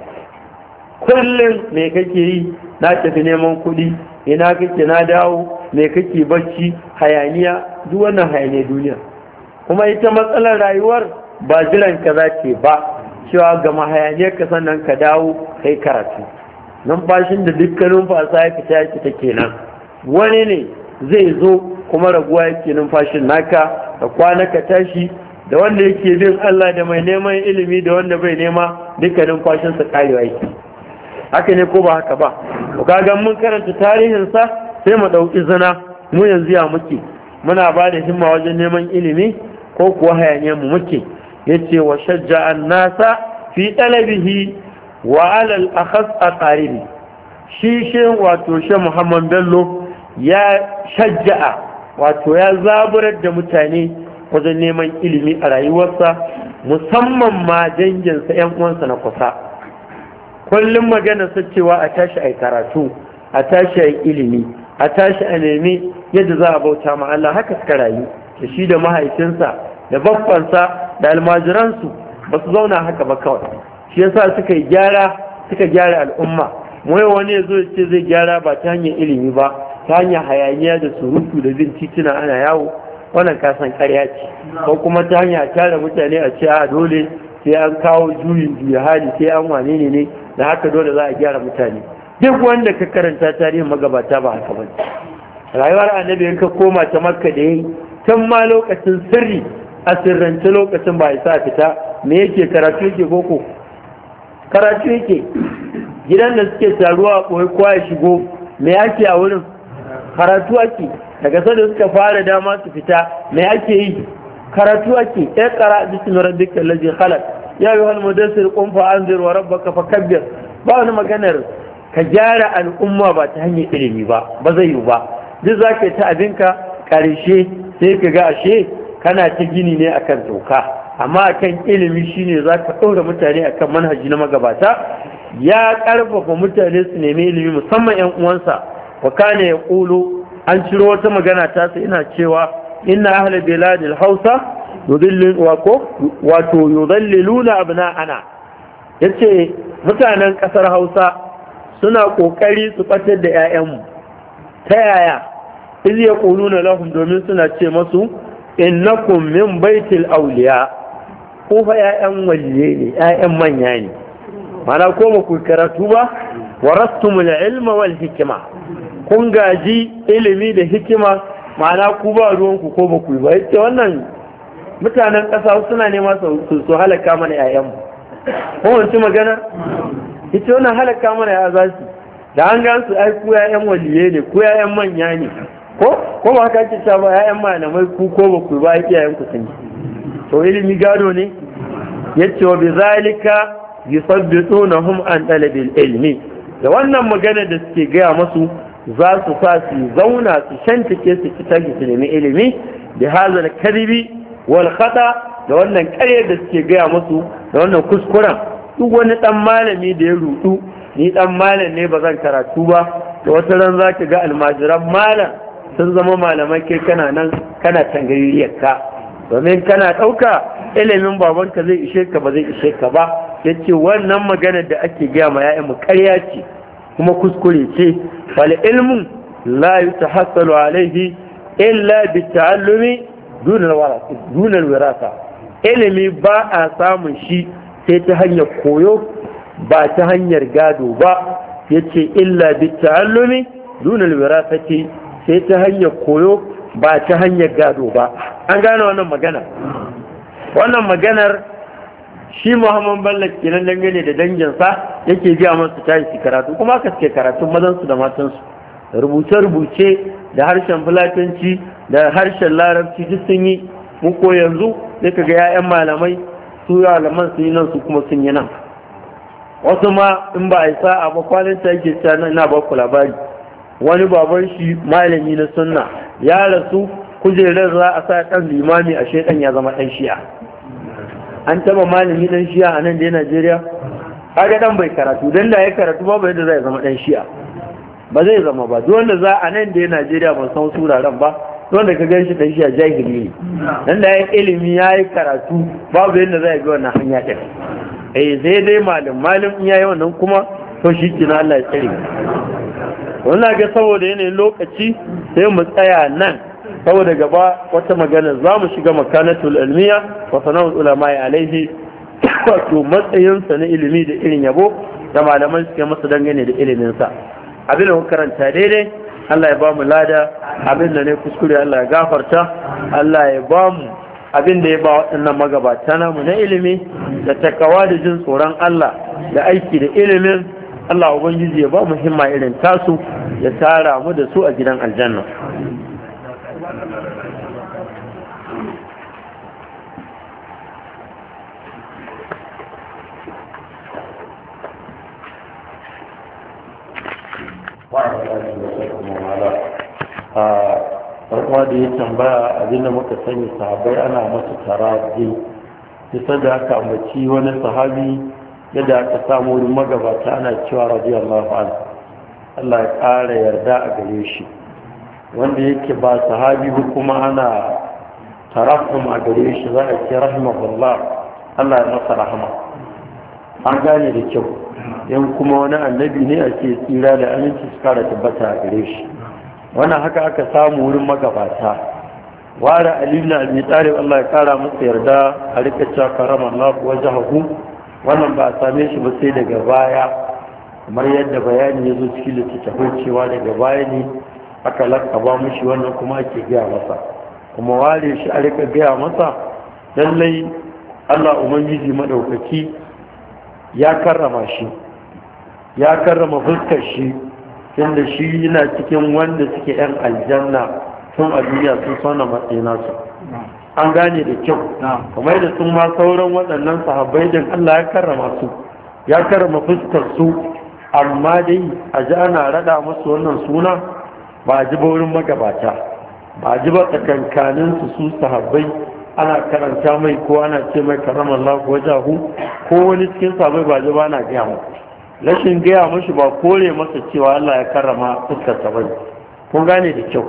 kullum me kake yi na tafi neman kuɗi ina kake na dawo me kake bacci hayaniya duk wannan hayaniya duniya kuma ita matsalar rayuwar ba jiran ka za ke ba cewa ga mahayaniyar ka sannan ka dawo kai karatu numfashin da dukkanin fasa ya fita yake ta kenan wani ne zai zo kuma raguwa yake numfashin naka da kwana ka tashi da wanda yake bin Allah da mai neman ilimi da wanda bai nema duka numfashinsa kai yake haka ne ko ba haka ba to kaga mun karanta tarihinsa sai mu ɗauki zina mu yanzu ya muke muna ba da himma wajen neman ilimi ko kuwa hayaniyar mu muke Ya ce wa shajja an nasa fi talabihi wa alal akhas ƙarini shi shi wato shi Muhammad Bello ya shajja'a wato ya zaburar da mutane wajen neman ilimi a rayuwarsa musamman ma danginsa ‘yan uwansa na kusa kullum magana su cewa a tashi a karatu a tashi a ilimi a tashi a nemi yadda za a bauta ma Allah haka suka rayu da shi da mahaifinsa da baffansa da almajiransu ba su zauna haka ba kawai shi yasa suka yi gyara suka gyara al'umma wai wani ya zo ya ce zai gyara ba ta hanyar ilimi ba ta hanyar hayaniya da surutu da bin titina ana yawo wannan kasan karya ce ko kuma ta hanyar tara mutane a ce a dole sai an kawo juyin juya hali sai an wane ne ne da haka dole za a gyara mutane duk wanda ka karanta tarihin magabata ba haka ba rayuwar annabi in ka koma ta makka da yayi tun ma lokacin sirri a sirrance lokacin ba isa fita me yake karatu yake boko karatu yake gidan da suke taruwa a kowa ya shigo me ake a wurin karatu ake daga sanda suka fara dama su fita me ake yi karatu ake ya kara bismi rabbikal lajin halar ya ayyuhal mudassir qum fa anzir rabba kafa kabbiyar ba wani maganar ka gyara al'umma ba ta hanyar ilimi ba ba zai yi ba duk zaki ta abinka karshe sai ka ga ashe kana ta gini ne akan doka amma akan ilimi shine za ka ɗora mutane akan manhaji na magabata ya ƙarfafa mutane su nemi ilimi musamman 'yan uwansa wa kana ya ƙulu an ciro wata magana ta su ina cewa inna ahli biladil hausa wato abu na, ana yace mutanen ƙasar hausa suna ƙoƙari su ɓatar da 'ya'yanmu ta yaya iz ya na lahum domin suna ce masu innakum min baitil auliya ko fa ƴaƴan waliye ne manya ne mana ko ba ku karatu ba warastumul ilma wal hikima kun gaji ilimi da hikima ma'ana ku ba ruwanku ko ba ku ba yace wannan mutanen ƙasa suna nema su su halaka mana mu. ko wanci magana yace wannan halaka mana ya za su da an gan su ai ku ƴaƴan waliye ne ku ƴaƴan manya ne ko ko ba haka ake cewa ba ƴaƴan malamai ku ko ba ku ba iyayen ku sun to ilimi gado ne yace wa bizalika yusabbitunahum an talabil ilmi da wannan magana da suke gaya masu za su sa su zauna su shantake su fita su nemi ilimi da hazal kadibi wal khata da wannan ƙarya da suke gaya masu da wannan kuskuren duk wani dan malami da ya rudu ni dan malam ne ba zan karatu ba da wata ran za ka ga almajiran malam sun zama malamai ke kana nan kana ka. domin kana ɗauka ilimin babanka zai ishe ka ba zai ishe ka ba ya ce wannan maganar da ake gaya ma mu karya ce kuma kuskure ce wal ilmun la yutahassalu alaihi illa bi ta'allumi dunar wirasa ilimi ba a samun shi sai ta hanyar koyo ba ta hanyar gado ba ya ce illa bi ta'allumi dunar ce. sai ta hanyar koyo ba ta hanyar gado ba an gane wannan magana wannan maganar shi muhammad bello kenan dangane da danginsa yake biya masu yi su karatu kuma aka suke karatu mazansu da matansu rubuce-rubuce da harshen fulatanci da harshen larabci duk sun yi muku yanzu sai ka ga 'ya'yan malamai su malaman sun yi nan su kuma sun yi nan wasu ma in ba a yi sa'a ba kwanan ta yake na ba ku labari wani baban shi malami na sunna ya rasu kujerar za a sa ɗan limami a shekan ya zama ɗan shiya. an taba malami ɗan shiya a nan da najeriya kaga ɗan bai karatu don da ya karatu babu yadda za ya zama ɗan shiya. ba zai zama ba duk wanda za a nan da najeriya ban san suraren ba don da ka gan shi ɗan shiya, jahili ne don da ya ilimi ya yi karatu babu yadda za ya bi wannan hanya ɗin eh sai dai malam malam in ya yi wannan kuma to shi kina Allah ya tsare wannan ga saboda yanayin lokaci sai mu tsaya nan saboda gaba wata magana za mu shiga makanatul ilmiya wa sana'ul ulama ya alaihi wato matsayinsa na ilimi da irin yabo da malaman suke masa dangane da iliminsa abin da karanta daidai Allah ya ba mu lada abin da ne kuskure Allah ya gafarta Allah ya ba mu abin da ya ba waɗannan magabata namu na ilimi da takawa da jin tsoron Allah da aiki da ilimin Allah ubangiji ya ba muhimma irin tasu ya tara mu da su a gidan aljanna farko da ya tambaya abinda da muka sani sahabai ana masu tara biyu bisa da haka ambaci wani sahabi yadda aka samu wurin magabata ana cewa radiyallahu an Allah ya ƙara yarda a gare shi wanda yake ba sahabi kuma ana tarafin a gare shi za a ce rahimahullah Allah ya masa rahama an gane da kyau yan kuma wani annabi ne a tsira da aminci su kara tabbata a gare shi wannan haka aka samu wurin magabata wara Aliyu na abi talib Allah ya kara masa yarda a rika cewa karama Allah wajahu wannan ba a same shi ba sai daga baya kamar yadda bayani ya zo cikin littattafai cewa daga baya ne aka lakaba mushi wannan kuma ake gaya masa kuma ware shi a rika gaya masa lallai allah ubangiji maɗaukaki ya karrama shi ya karrama fuskar shi tunda shi yana cikin wanda suke 'yan aljanna tun a duniya sun sauna nasu. an gane da kyau kamar da sun ma sauran waɗannan sahabbai din Allah ya karrama su ya karrama fuskar su amma dai a ji ana raɗa musu wannan suna ba ji ba wurin magabata ba ji ba tsakankanin su su sahabbai ana karanta mai ko ana ce mai Allah ko jahu ko wani cikin sahabbai ba ji ba na gaya mu rashin gaya mashi ba kore masa cewa Allah ya karrama fuskar sa bai kun gane da kyau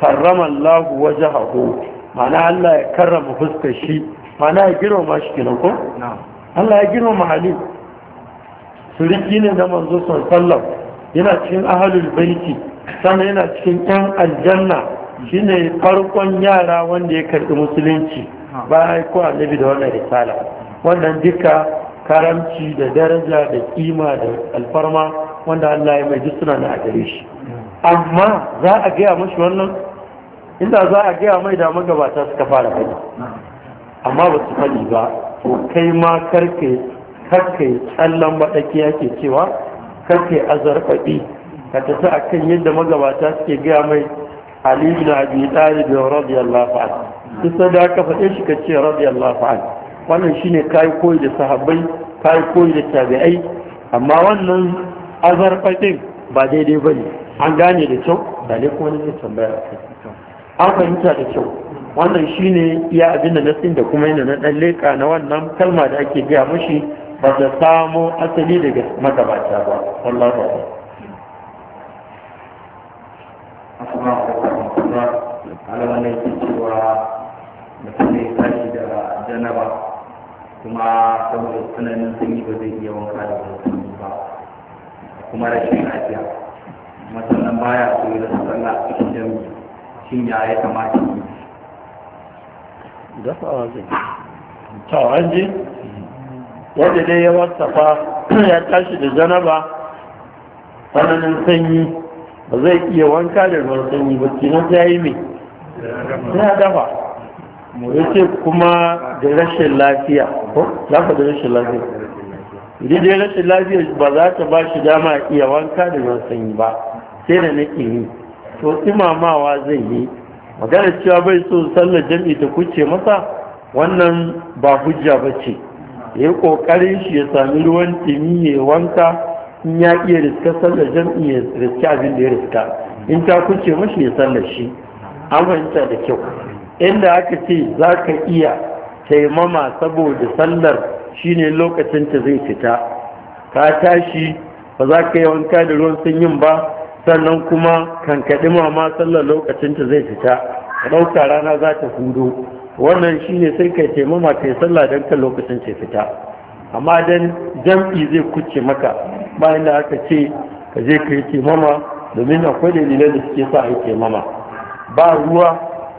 karamar Allah wajahu mana Allah ya karrama fuskar shi mana ya girma shi kenan ko Allah ya girma Ali suriki ne na manzo sallallahu yana cikin ahlul baiti sannan yana cikin yan aljanna shine farkon yara wanda ya karɓi musulunci bayan ko annabi da wannan risala wannan duka karamci da daraja da kima da alfarma wanda Allah ya mai suna na a gare shi amma za a gaya mashi wannan inda za a gaya mai da magabata suka fara faɗi amma ba su faɗi ba to kai ma karke karke tsallan baɗaki yake cewa karke azarfaɗi ka tafi a kan yadda magabata suke gaya mai ali bin abi talib radiyallahu anhu kusa da aka faɗe shi ka ce radiyallahu anhu wannan shine kai koyi da sahabbai kai koyi da tabi'ai amma wannan azarfaɗin ba daidai bane an gane da kyau da ne kuma ne tambaya a kai an fahimta da kyau wannan shi ne iya abin da nasin da kuma yana na dan leka na wannan kalma da ake gaya mushi ba ta samo asali daga magabata ba wallahi ba alamana yake da janaba kuma saboda tsananin sanyi ba zai iya wanka da wani ba kuma rashin lafiya masannan baya so yi da sallah a cikin jami'a shin ya ya kamata yi dafawa zai tawon ji wadda dai ya wasafa ya tashi da janaba tsananin sanyi ba zai iya wanka da ruwan sanyi ba kinan ta yi mai ya dafa ya ce kuma da rashin lafiya ko zafa da rashin lafiya idan dai rashin lafiya ba za ta ba shi dama iya wanka da ruwan sanyi ba sai da nake yi to imamawa zai yi magana cewa bai so sallar jam'i ta kuce masa wannan ba hujja ba ce ya yi ƙoƙarin shi ya sami ruwan ɗumi ya wanka in ya iya riska sallar jam'i ya riska abin da ya riska in ta kuce mashi ya sallar shi an da kyau inda aka ce za ka iya taimama saboda sallar shine lokacin ta zai fita ka tashi ba za ka yi wanka da ruwan sanyin ba sannan kuma kankaɗi ma sallar lokacin ta zai fita ka ɗauka rana za ta hudu wannan shine sai kai taimama kai sallah don kan lokacin ce fita amma don jam'i zai kuce maka bayan da aka ce ka je ka yi taimama domin akwai dalilai da suke sa yi taimama ba ruwa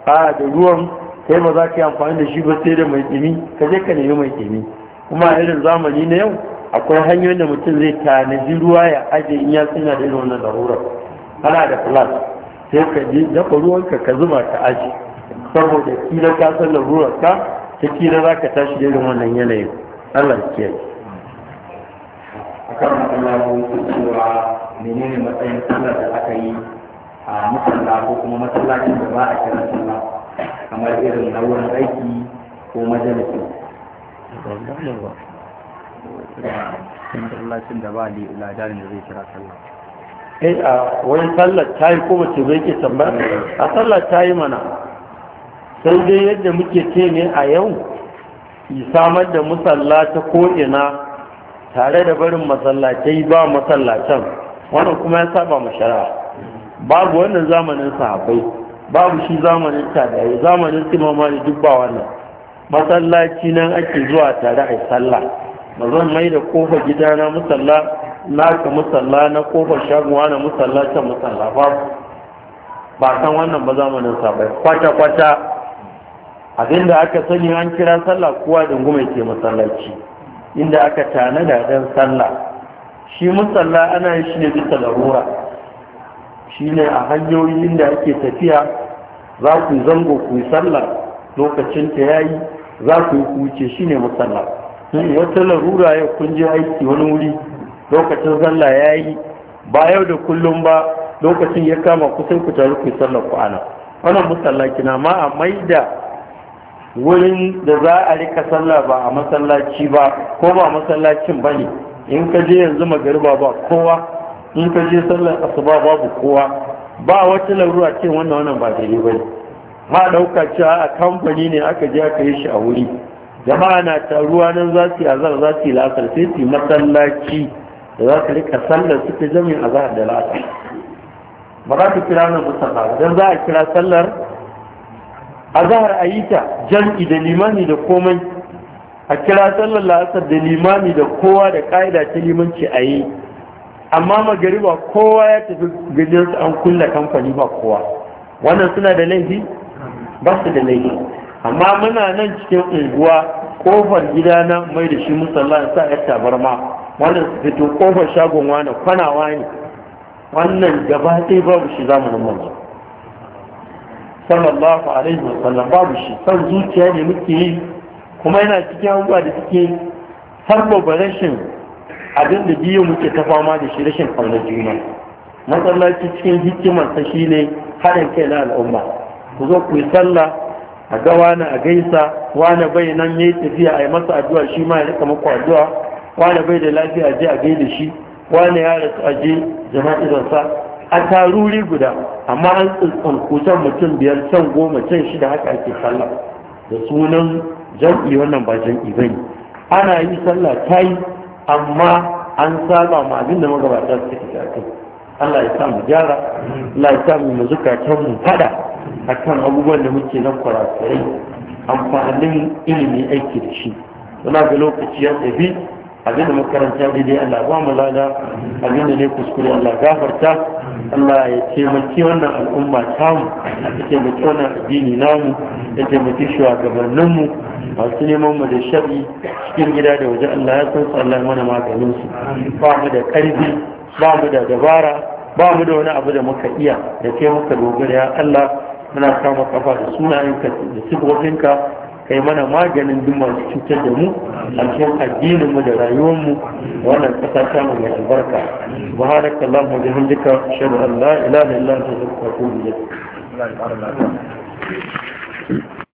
a da ruwan kai ba za ka yi amfani da shi ba sai da mai ɗumi ka je ka nemi mai ɗumi kuma a irin zamani na yau akwai hanyoyin da mutum zai tanaji ruwa ya aje in ya sanya da irin wannan larurar ana da flas sai ka je dafa ruwanka ka zuba ka aje saboda kila ka san larurar ka ta kila za ka tashi da irin wannan yanayin allah kiyaye akan matsala ko cewa menene matsayin sallar da aka yi a masalla ko kuma masallacin da ba a kira sallah kamar irin na wurin aiki ko majalisi sai da ba li da zai kira sallah eh a wani sallar ta yi ko bace zai ke tambaya a sallar ta yi mana sai dai yadda muke ce ne a yau yi samar da musalla ta ko'ina tare da barin masallatai ba masallacin wannan kuma ya saba ma shari'a babu wannan zamanin sahabbai babu shi zamanin tabi'ai zamanin simamari duk ba wannan masallaci nan ake zuwa tare a yi sallah ba zan mai da kofar gidana musalla ka musalla na kofar shagowa na musalla ta musalla ba ba san wannan ba zamanin sa bai kwata kwata abinda aka sani an kira sallah da dungume ke masallaci inda aka tanada dan sallah shi musalla ana yin shi ne bisa larura shi ne a hanyoyin da ake tafiya za ku zango ku yi sallah lokacin ta yayi za ku yi kuce shi ne musalla wata larura yau kun je aiki wani wuri lokacin sallah ya yi ba yau da kullum ba lokacin ya kama kusan ku taru ku sallar ku ana wannan musallaki na ma a maida wurin da za a rika sallah ba a masallaci ba ko ba masallacin ba ne in ka je yanzu magariba ba kowa in ka je sallar asuba babu kowa ba wata larura ce wannan wannan ba daidai ba ne ma ɗauka cewa a kamfani ne aka je aka yi shi a wuri jama'a na taruwa nan za su yi azar za su yi la'asar sai su yi masallaci da za su rika sallar su ta jami'in azar da la'asar ba za su kira nan musamman don za a kira sallar azahar a yi ta jam'i da limani da komai a kira sallar la'asar da limani da kowa da ka'ida ta limanci a yi amma ba kowa ya tafi su an kulle kamfani ba kowa wannan suna da laifi ba su da laifi amma muna nan cikin unguwa kofar gidana mai da shi musalla sa ya tabarma wanda su fito kofar shagon wani kwanawa ne wannan gaba ɗaya babu shi za mu nan manzo sallallahu alaihi wasallam babu shi san zuciya ne muke yi kuma yana cikin abubuwa da suke ba rashin abin da biyu muke ta fama da shi rashin ƙaunar juna masallaci cikin hikimarsa shine haɗin kai na al'umma ku zo ku yi sallah a ga wani a gaisa wani bai nan ya tafiya a yi masa addu'a shi ma ya rika muku addu'a wani bai da lafiya je a gaida shi wani ya rasu a je jana'izarsa a taruri guda amma an kusan mutum biyar can goma can shida haka ake sallah da sunan jam'i wannan ba jam'i ba ne ana yi sallah ta yi amma an saba ma abin da magabata suke tafi Allah ya sa mu gyara Allah ya sa mu mu zukatan mu fada a kan abubuwan da muke nan kurakurai amfanin ilimi aiki da shi suna ga lokaci ya tafi abinda makaranta dai Allah ba mu lada abinda ne kuskure Allah gafarta Allah ya mace wannan al'umma tamu ya mace wannan addini namu ya wa mu masu neman mu da shari cikin gida da waje Allah ya san su Allah mana maganin su ba mu da karfi ba mu da dabara ba mu da wani abu da muka iya da ke muka dogara ya Allah muna kama kafa da sunayenka da sifofinka kai mana maganin duk masu cutar da mu a cikin addinin mu da rayuwar mu wannan kasa ta mu mai albarka subhanakallahu wa bihamdika ashhadu an la ilaha illa anta astaghfiruka wa atubu ilayk